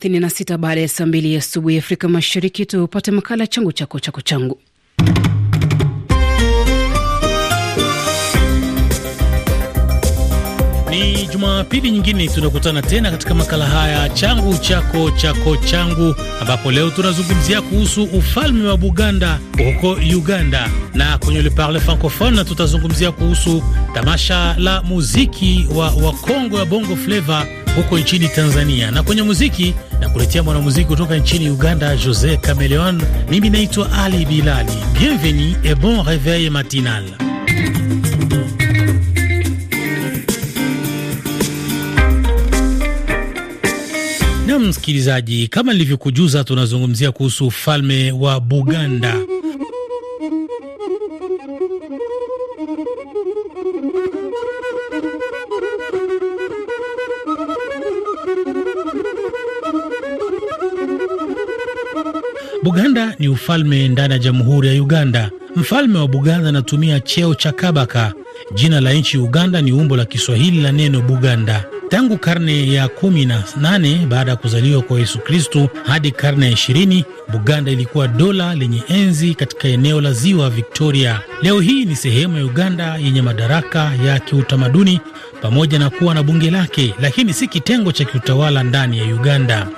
36 baada ya saa mbili ya asubuhi Afrika Mashariki, tupate makala changu chako chako changu. Ni Jumapili nyingine tunakutana tena katika makala haya changu chako chako changu, ambapo leo tunazungumzia kuhusu ufalme wa Buganda huko Uganda, na kwenye Le Parle Francophone tutazungumzia kuhusu tamasha la muziki wa Wakongo ya Bongo fleva huko nchini Tanzania. Na kwenye muziki na kuletea mwanamuziki kutoka nchini Uganda, Jose Cameleon. Mimi naitwa Ali Bilali. Bienvenue et bon reveil matinal. Nam msikilizaji, kama nilivyokujuza, tunazungumzia kuhusu ufalme wa Buganda. Buganda ni ufalme ndani ya jamhuri ya Uganda. Mfalme wa Buganda anatumia cheo cha Kabaka. Jina la nchi Uganda ni umbo la Kiswahili la neno Buganda. Tangu karne ya kumi na nane baada ya kuzaliwa kwa Yesu Kristu hadi karne ya ishirini Buganda ilikuwa dola lenye enzi katika eneo la ziwa Victoria. Leo hii ni sehemu ya Uganda yenye madaraka ya kiutamaduni pamoja na kuwa na bunge lake, lakini si kitengo cha kiutawala ndani ya Uganda.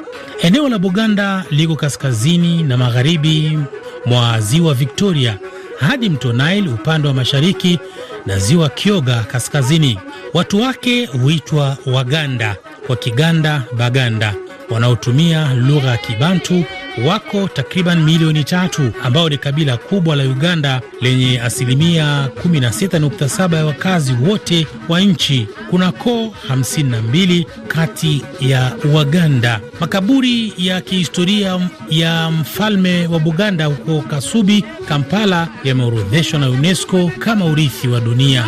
Eneo la Buganda liko kaskazini na magharibi mwa ziwa Victoria hadi mto Nile upande wa mashariki na ziwa Kyoga kaskazini. Watu wake huitwa Waganda kwa Kiganda Baganda wanaotumia lugha ya Kibantu wako takriban milioni tatu ambao ni kabila kubwa la Uganda lenye asilimia 16.7 ya wakazi wote wa nchi. Kuna koo 52 kati ya Waganda. Makaburi ya kihistoria ya mfalme wa Buganda huko Kasubi, Kampala, yameorodheshwa na UNESCO kama urithi wa dunia.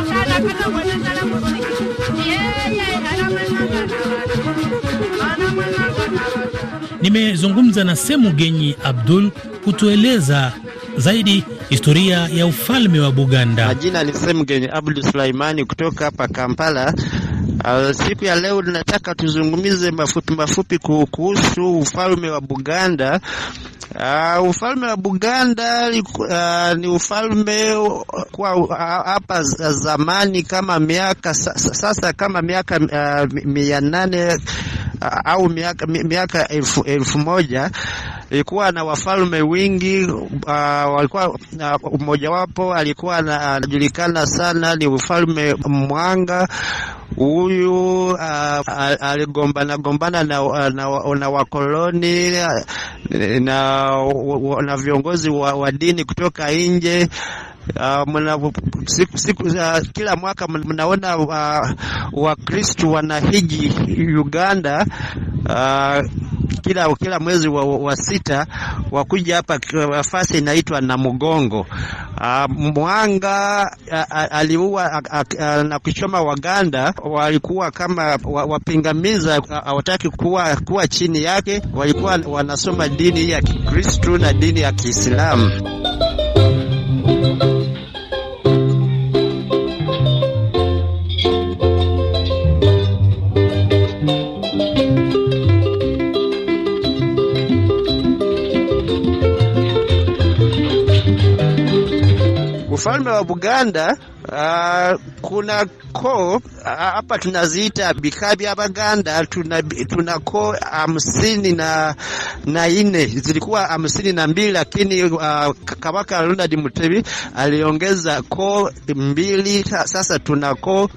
nimezungumza na Semu Genyi Abdul kutueleza zaidi historia ya ufalme wa Buganda. Majina ni Semu Genyi Abdul Sulaimani kutoka hapa Kampala. Uh, siku ya leo nataka tuzungumze mafupi mafupi kuhusu ufalme wa Buganda. Uh, ufalme wa Buganda uh, ni ufalme kwa uh, hapa uh, zamani kama miaka sasa kama miaka uh, mia nane au miaka, miaka elfu, elfu moja ilikuwa na wafalme wingi uh, walikuwa mmoja wapo alikuwa anajulikana sana ni ufalme Mwanga huyu uh, aligombana gombana na, na, na wakoloni na, na viongozi wa, wa dini kutoka nje Uh, mna, siku, siku, uh, kila mwaka mnaona ah, Wakristu uh, wanahiji Uganda uh, kila, kila mwezi wa, wa sita wakuja hapa fasi inaitwa Namugongo. Uh, Mwanga uh, aliua uh, uh, na kuchoma Waganda walikuwa kama wapingamiza hawataki uh, kuwa, kuwa chini yake, walikuwa wanasoma dini ya Kikristu na dini ya Kiislamu. ufalme wa Buganda uh, ah, kuna koo hapa tunaziita bikabi Abaganda, tuna, tuna koo hamsini na, na ine zilikuwa hamsini na mbili lakini uh, Kabaka Ronald Mutebi aliongeza koo mbili, sasa tuna koo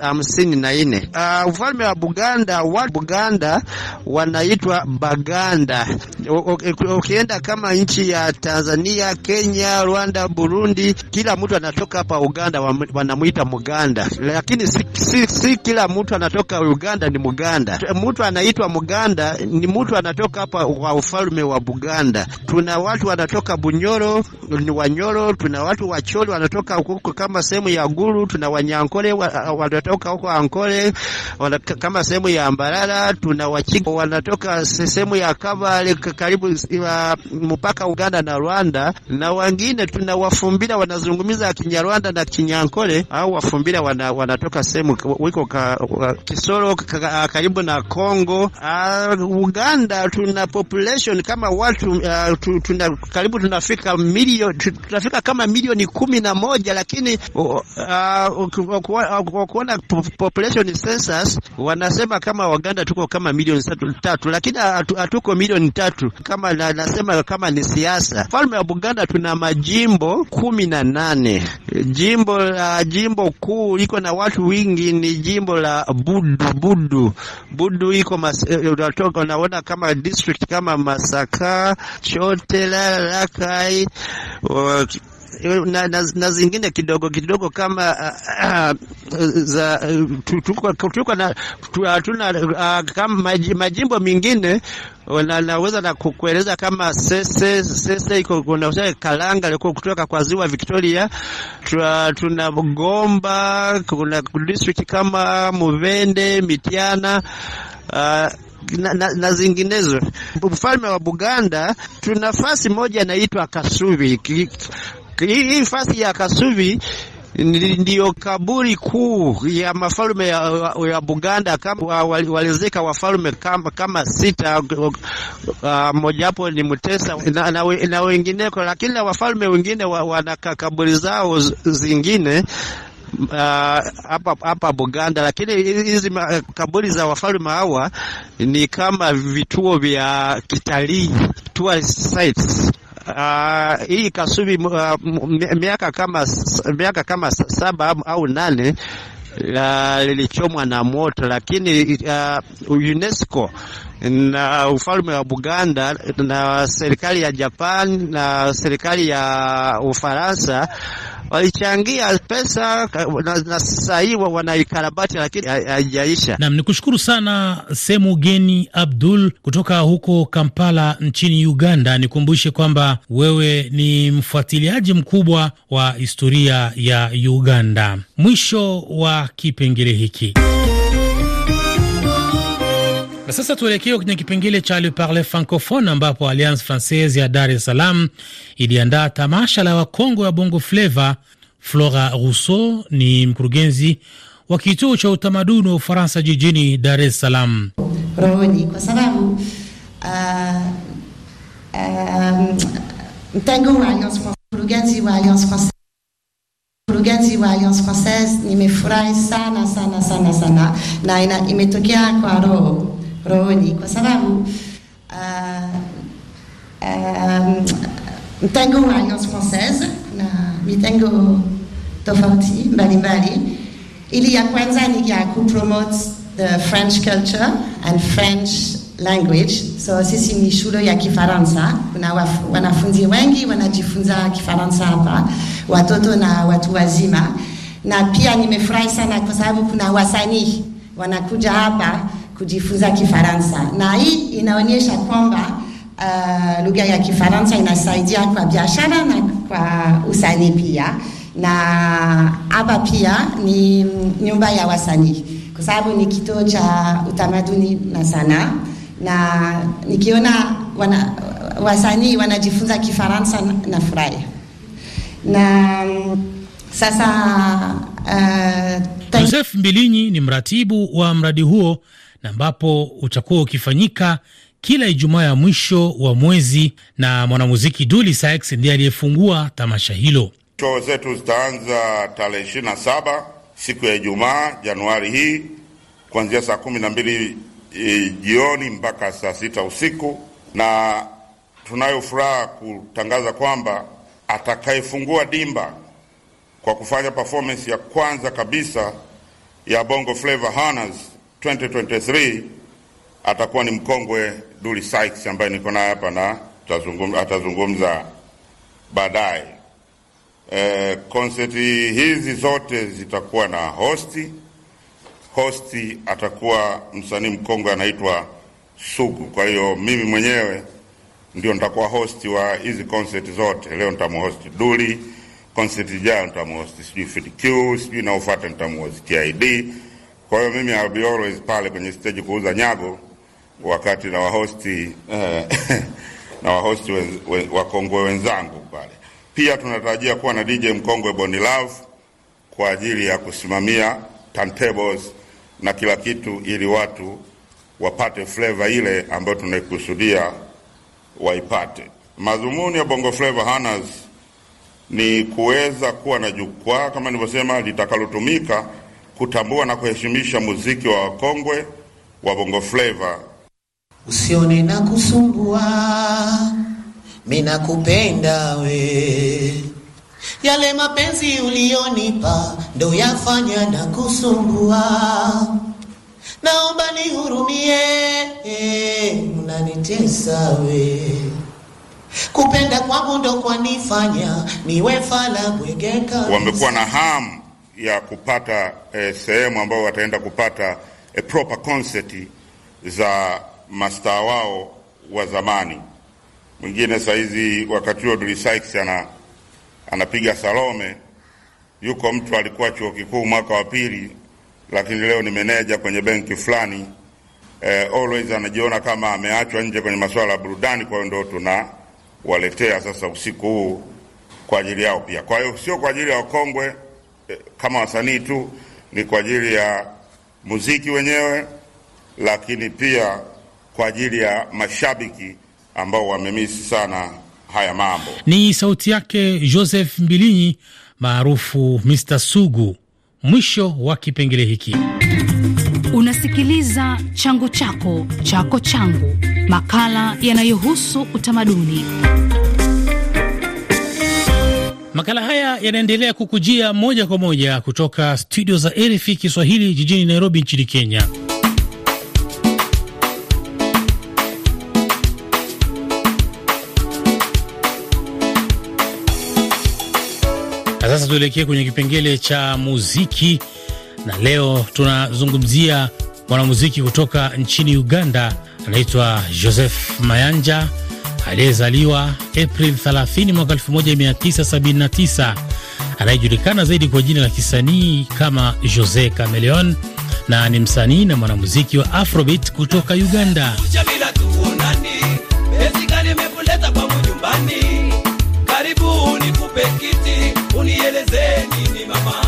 hamsini na ine Uh, ufalme wa Buganda wa Buganda wanaitwa Baganda. Ukienda kama nchi ya Tanzania, Kenya, Rwanda, Burundi, kila mtu anatoka hapa Uganda wanamuita Muganda, lakini si, si, si kila mtu anatoka Uganda ni Muganda. Mtu anaitwa Muganda ni mtu anatoka hapa kwa ufalme wa Buganda. Tuna watu wanatoka Bunyoro ni Wanyoro, tuna watu Wacholi wanatoka huko kama sehemu ya Guru, tuna Wanyankole wanatoka huko Ankole kama sehemu ya Mbarara, tuna Wachiga wanatoka sehemu ya Kabale karibu mpaka Uganda na Rwanda, na wengine tuna Wafumbira wanazungumiza Kinyarwanda na Kinyankole au Mafumbira wana, wanatoka sehemu wiko ka, wa, Kisoro ka, karibu na Kongo. Uh, Uganda tuna population kama watu uh, tu, tuna, karibu tunafika milioni tunafika kama milioni kumi na moja, lakini uh, uh, kuona population census wanasema kama Waganda tuko kama milioni tatu, lakini hatuko milioni tatu kama na, nasema kama ni siasa. Falme ya Buganda tuna majimbo kumi na nane jimbo uh, jimbo kuu iko na watu wingi ni jimbo la Budu. Budu, Budu iko eh, unatoka, unaona kama district kama Masaka, Chotela, rakai uh, na, na, na zingine kidogo kidogo kama uh, uh, za tuko na hatuna uh, ah, kama maj, majimbo mengine na, naweza na kukueleza kama sese sese iko kuna kalanga liko kutoka kwa ziwa Victoria, tuna Gomba, kuna district kama Muvende, Mitiana uh, na, na, na zinginezo. Mfalme wa Buganda tuna nafasi moja inaitwa Kasubi hii fasi ya Kasubi ndiyo kaburi kuu ya mafalume ya, ya Buganda kama walizika wafalume kama, kama sita. Uh, mojawapo ni Mutesa na, na, na wengineko, lakini na wafalume wengine wana kaburi zao zingine uh, hapa uh, hapa Buganda, lakini hizi kaburi za wafalme hawa ni kama vituo vya kitalii tourist sites Ah, hii kasubi uh, ah, miaka kama miaka kama saba au nane la lilichomwa na moto, lakini uh, UNESCO na ufalme wa Buganda na serikali ya Japan na serikali ya Ufaransa walichangia pesa na sasa hii wanaikarabati, lakini haijaisha. Nam ni kushukuru sana Semu Geni Abdul kutoka huko Kampala nchini Uganda. Nikumbushe kwamba wewe ni mfuatiliaji mkubwa wa historia ya Uganda. Mwisho wa kipengele hiki na sasa tuelekee kwenye kipengele cha Le Parle Francophone, ambapo Alliance Francaise ya Dar es Salaam iliandaa tamasha la wakongwe wa bongo fleva. Flora Rousseau ni mkurugenzi wa kituo cha utamaduni wa Ufaransa jijini Dar es Salaam. Roji, kwa sababu uh, uh, um, mtengo wa Alliance mkurugenzi wa Alliance Francaise mkurugenzi wa Alliance Francaise nimefurahi sana sana sana sana, na imetokea kwa roho rohoni, kwa sababu uh, uh um, mtengo wa Alliance Francaise na mitengo tofauti mbalimbali. Ili ya kwanza ni ya kupromote the French culture and French language. So sisi ni shule ya Kifaransa, kuna wanafunzi wengi wanajifunza Kifaransa hapa, watoto na watu wazima, na pia nimefurahi sana kwa sababu kuna wasanii wanakuja hapa kujifunza Kifaransa, na hii inaonyesha kwamba uh, lugha ya Kifaransa inasaidia kwa biashara na kwa usanii pia, na hapa pia ni nyumba ya wasanii, kwa sababu ni kituo cha utamaduni na sanaa, na nikiona wana, wasanii wanajifunza Kifaransa na furahi na sasa uh, Joseph Mbilinyi ni mratibu wa mradi huo na ambapo utakuwa ukifanyika kila Ijumaa ya mwisho wa mwezi, na mwanamuziki Duli Sykes ndiye aliyefungua tamasha hilo. Shoo zetu zitaanza tarehe ishirini na saba siku ya Ijumaa Januari hii kuanzia saa kumi na mbili e, jioni mpaka saa sita usiku, na tunayo furaha kutangaza kwamba atakayefungua dimba kwa kufanya performance ya kwanza kabisa ya Bongo Flava Honors 2023 atakuwa ni mkongwe duli Sykes ambaye niko naye hapa na atazungumza baadaye. Eh, concert hizi zote zitakuwa na hosti. Hosti atakuwa msanii mkongwe anaitwa Sugu. Kwa hiyo mimi mwenyewe ndio nitakuwa hosti wa hizi concert zote. Leo nitamhosti Duli, concert ijayo nitamhosti sijui Fid Q, sijui naofata nitamhosti KID kwa hiyo mimi I'll be always pale kwenye stage kuuza nyago wakati na wahosti eh, na wahosti wenz, wa wakongwe wenzangu pale. Pia tunatarajia kuwa na DJ mkongwe Boni Love kwa ajili ya kusimamia turntables na kila kitu, ili watu wapate flavor ile ambayo tunaikusudia waipate. Madhumuni ya Bongo Flavor Hunters ni kuweza kuwa na jukwaa kama nilivyosema, litakalotumika kutambua na kuheshimisha muziki wa wakongwe wa Bongo Flava. Usione na kusumbua, mimi nakupenda we, yale mapenzi ulionipa ndo yafanya na kusumbua, naomba nihurumie, unanitesa we kupenda kwangu ndo kwanifanya niwe fala bwegeka. Wamekuwa na hamu ya kupata eh, sehemu ambayo wataenda kupata eh, proper concert za mastaa wao wa zamani. Mwingine sahizi wakati huo Dully Sykes ana anapiga Salome, yuko mtu alikuwa chuo kikuu mwaka wa pili, lakini leo ni meneja kwenye benki fulani. Eh, always anajiona kama ameachwa nje kwenye masuala ya burudani, kwa hiyo ndio tunawaletea sasa usiku huu kwa ajili yao pia. Kwa hiyo sio kwa ajili ya wakongwe kama wasanii tu, ni kwa ajili ya muziki wenyewe, lakini pia kwa ajili ya mashabiki ambao wamemisi sana haya mambo. Ni sauti yake Joseph Mbilinyi maarufu Mr. Sugu. Mwisho wa kipengele hiki. Unasikiliza changu chako chako changu, makala yanayohusu utamaduni. Makala haya yanaendelea kukujia moja kwa moja kutoka studio za RFI Kiswahili jijini Nairobi nchini Kenya. Na sasa tuelekee kwenye kipengele cha muziki, na leo tunazungumzia mwanamuziki kutoka nchini Uganda, anaitwa Joseph Mayanja aliyezaliwa April 30 mwaka 1979 anayejulikana zaidi kwa jina la kisanii kama Jose cameleon na ni msanii na mwanamuziki wa Afrobeat kutoka Uganda. Karibu nikupe kiti unieleze nini mama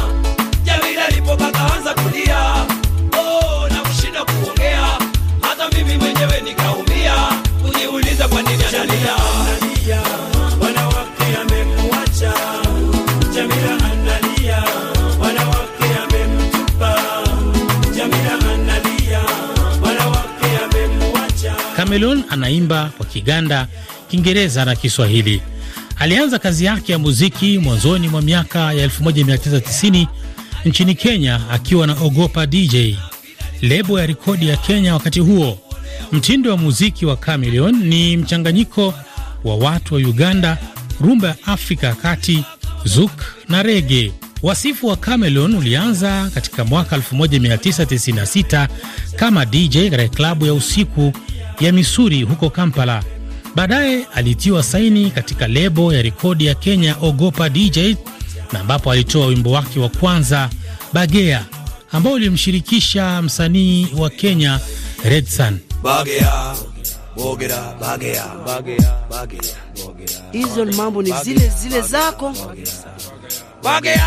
Cameron anaimba kwa Kiganda, Kiingereza na Kiswahili. Alianza kazi yake ya muziki mwanzoni mwa miaka ya 1990 nchini Kenya akiwa na Ogopa DJ, lebo ya rekodi ya Kenya wakati huo. Mtindo wa muziki wa Cameron ni mchanganyiko wa watu wa Uganda, rumba ya Afrika ya kati, zouk na rege. Wasifu wa Cameron ulianza katika mwaka 1996 kama DJ katika klabu ya usiku ya Misuri huko Kampala. Baadaye alitiwa saini katika lebo ya rekodi ya Kenya Ogopa DJ, na ambapo alitoa wimbo wake wa kwanza Bagea ambao ulimshirikisha msanii wa Kenya Sun. Bagea bogera bagea bagea bagea, hizo mambo ni zile zile zako bagea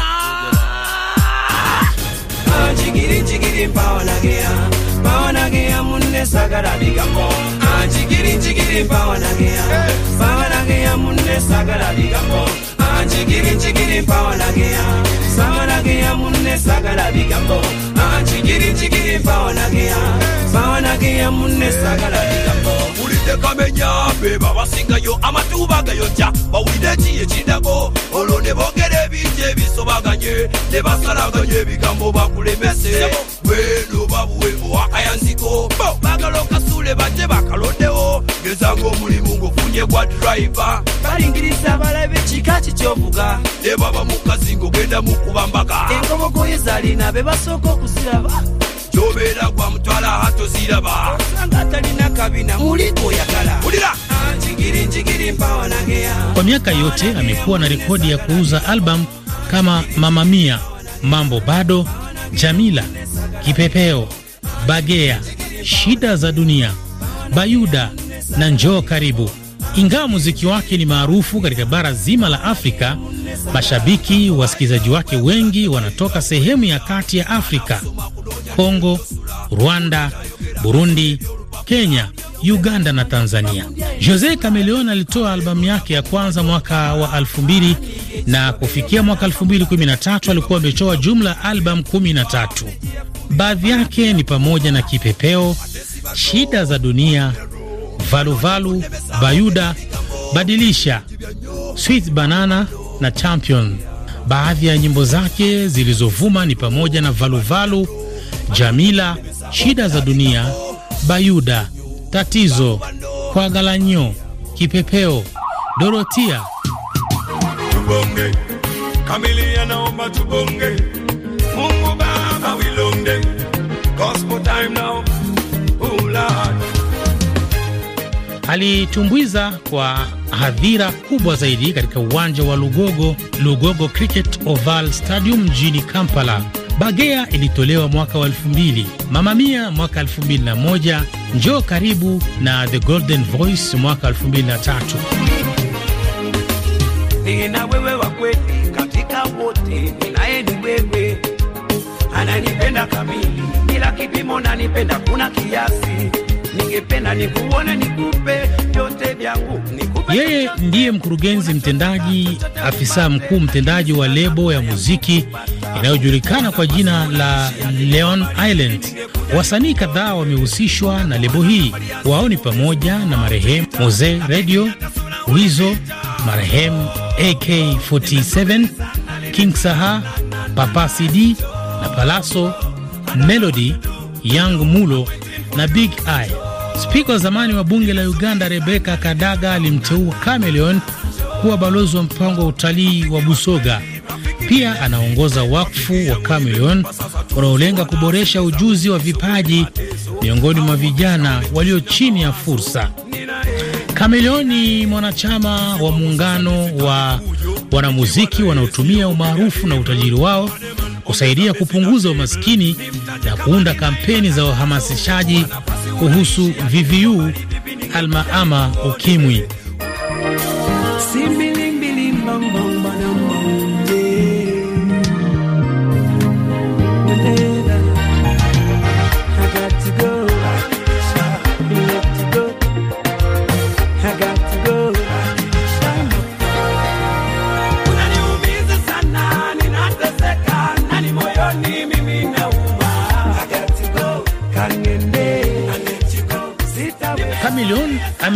ah, jigiri jigiri mpao nagea pawanageya munne sagala bigambo anjigiri ah, njigiri pawanageya pawanageya munne sagala bigambo anjigiri ah, njigiri pawanageya sawanageya munne sagala bigambo anjigiri ah, njigiri pawanageya pawanageya munne sagala bigambo bawulidde kamenya be babasingayo amatuba gayoca bawulidde ki ekindago olwo ne bogera ebingi ebisobaganye ne basalaganya ebigambo bakulemese bwenu babuwe owakayanziko bagala okasule bajje bakalondewo ngezang'omulimu ng'ofunye gwa driva balingiriza abalabe kika kikyovuga ne baba mukazi ng'ogenda mukuba mbaga enkobogoyo zalina be basooka okuziraba nobeera gwa mutwala hatoziraba osanga talina kabina muli goyagala ulira ah, kwa miaka yote amekuwa na rekodi ya kuuza albamu kama Mama Mia, Mambo Bado, Jamila, Kipepeo, Bagea, Shida za Dunia, Bayuda na Njoo Karibu. Ingawa muziki wake ni maarufu katika bara zima la Afrika, mashabiki wasikilizaji wake wengi wanatoka sehemu ya kati ya Afrika Kongo, Rwanda, Burundi, Kenya, Uganda na Tanzania. Jose Chameleone alitoa albamu yake ya kwanza mwaka wa 2000 na kufikia mwaka 2013 alikuwa amechoa jumla albamu 13. Baadhi yake ni pamoja na Kipepeo, Shida za Dunia, Valuvalu, Bayuda, Badilisha, Sweet Banana na Champion. Baadhi ya nyimbo zake zilizovuma ni pamoja na Valuvalu Jamila, Shida za Dunia, Bayuda, Tatizo, Kwagalanyo, Kipepeo, Dorotia. Tubonge, kamili, anaomba tubonge. Mungu Baba wilonge. Gospel time now. Alitumbuiza kwa hadhira kubwa zaidi katika uwanja wa Lugogo, Lugogo Cricket Oval Stadium mjini Kampala. Bagea ilitolewa mwaka wa 2000, Mama Mia mwaka 2001, Njoo Karibu na The Golden Voice mwaka 2003. Nina wewe wa kweli katika wote, ninaye ni wewe. Ananipenda kamili bila kipimo, nanipenda kuna kiasi. Ningependa nikuone nikupe yote yeye ndiye mkurugenzi mtendaji, afisa mkuu mtendaji wa lebo ya muziki inayojulikana kwa jina la Leon Island. Wasanii kadhaa wamehusishwa na lebo hii, wao ni pamoja na marehemu Mose Radio, Wizo, marehemu AK47, King Saha, Papa CD na Palaso Melody, Young Mulo na Big Eye. Spika wa zamani wa bunge la Uganda Rebeka Kadaga alimteua Cameleon kuwa balozi wa mpango wa utalii wa Busoga. Pia anaongoza wakfu wa Cameleon unaolenga kuboresha ujuzi wa vipaji miongoni mwa vijana walio chini ya fursa. Cameleon ni mwanachama wa muungano wa wanamuziki wanaotumia umaarufu na utajiri wao kusaidia kupunguza umaskini na kuunda kampeni za uhamasishaji kuhusu VVU, almaama, ukimwi.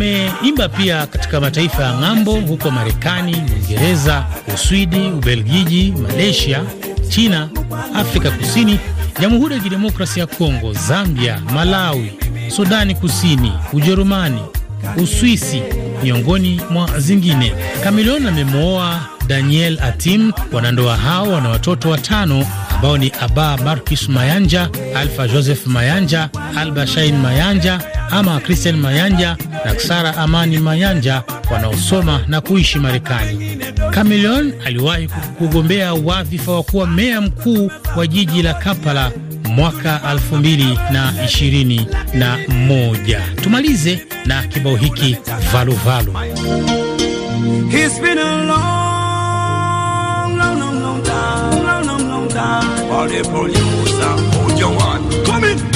ameimba pia katika mataifa ya ng'ambo huko Marekani, Uingereza, Uswidi, Ubelgiji, Malaysia, China, Afrika Kusini, Jamhuri ya Kidemokrasia ya Kongo, Zambia, Malawi, Sudani Kusini, Ujerumani, Uswisi, miongoni mwa zingine. Kameleon amemwoa Daniel Atim. Wanandoa hao wana watoto watano ambao ni Aba Marcus Mayanja, Alfa Joseph Mayanja, Alba Shain Mayanja ama Christian Mayanja na Sara Amani Mayanja wanaosoma na kuishi Marekani. Kamilion aliwahi kugombea wadhifa wa kuwa meya mkuu wa jiji la Kampala mwaka 2021. Tumalize na kibao hiki Valuvalu. Come in.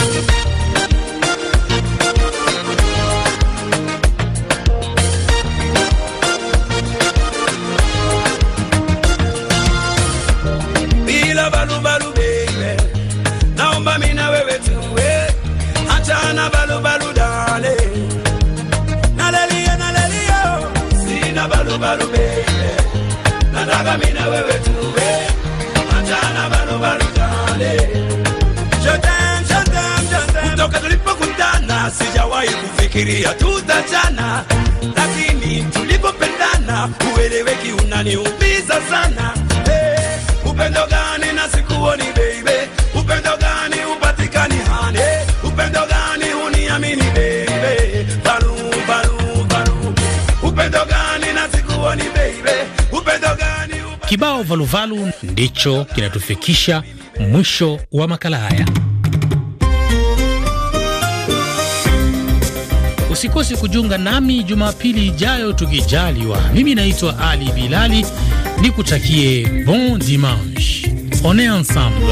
Kilio tutachana, lakini tulipopendana ueleweki, unaniumiza sana. Hey, upendo gani na sikuoni baby? Upendo gani upatikani hani? Hey, upendo gani uniamini baby? Baru, baru, baru. Upendo gani na sikuoni baby? Upendo gani upatikani... Kibao valuvalu ndicho kinatufikisha mwisho wa makala haya. Usikose kujiunga nami Jumapili ijayo tukijaliwa. Mimi naitwa Ali Bilali, nikutakie bon dimanche, on est ensemble.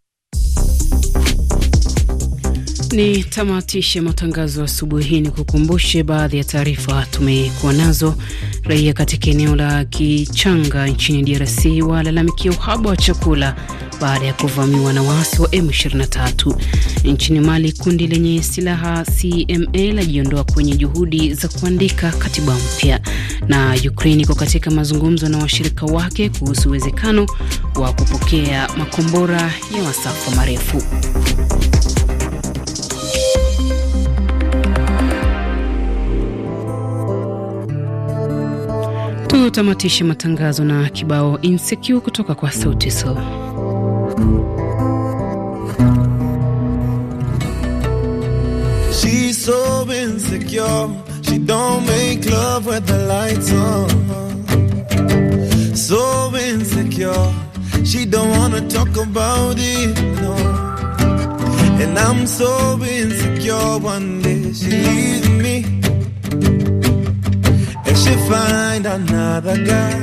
Ni tamatishe matangazo asubuhi hii, ni kukumbushe baadhi ya taarifa tumekuwa nazo. Raia katika eneo la Kichanga nchini DRC walalamikia uhaba wa chakula baada ya kuvamiwa na waasi wa M23. Nchini Mali, kundi lenye silaha CMA lajiondoa kwenye juhudi za kuandika katiba mpya, na Ukraine iko katika mazungumzo na washirika wake kuhusu uwezekano wa kupokea makombora ya masafa marefu. Tunatamatisha matangazo na kibao Insecure kutoka kwa Sauti Sol. She's so insecure, she don't make love with the lights on. So insecure, she don't wanna talk about it, no. And I'm so insecure, one day she leaves She find another guy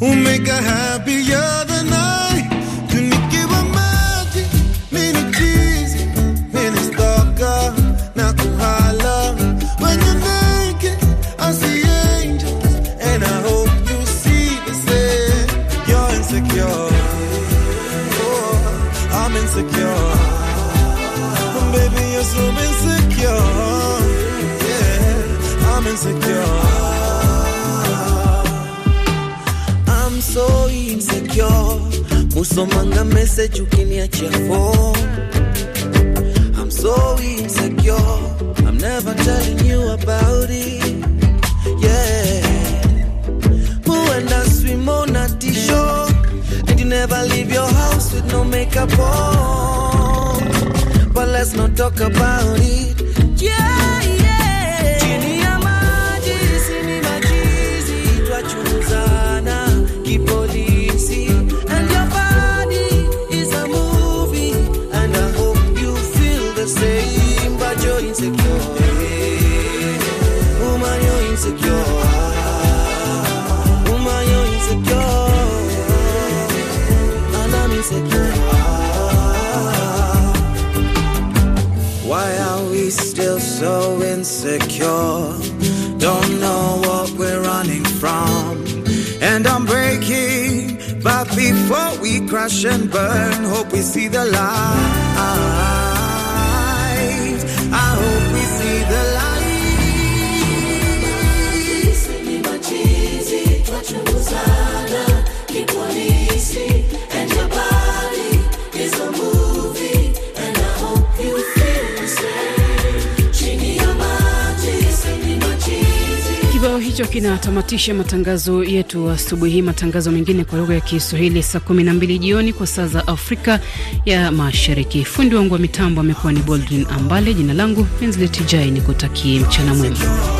who make her happier than I. Can you give her magic? Mini cheese, mini stalker, na kuhala. message ukiniachia phone. I'm so insecure. I'm never telling you about it. Yeah. Who and I swim on a shore, And you never leave your house with no makeup on. But let's not talk about it. burn. Hope we see the light. kinatamatisha matangazo yetu asubuhi hii. Matangazo mengine kwa lugha ya Kiswahili saa 12 jioni kwa saa za Afrika ya Mashariki. Fundi wangu wa mitambo amekuwa ni Boldrin Ambale, jina langu Menzleti ni nikutakie mchana mwema.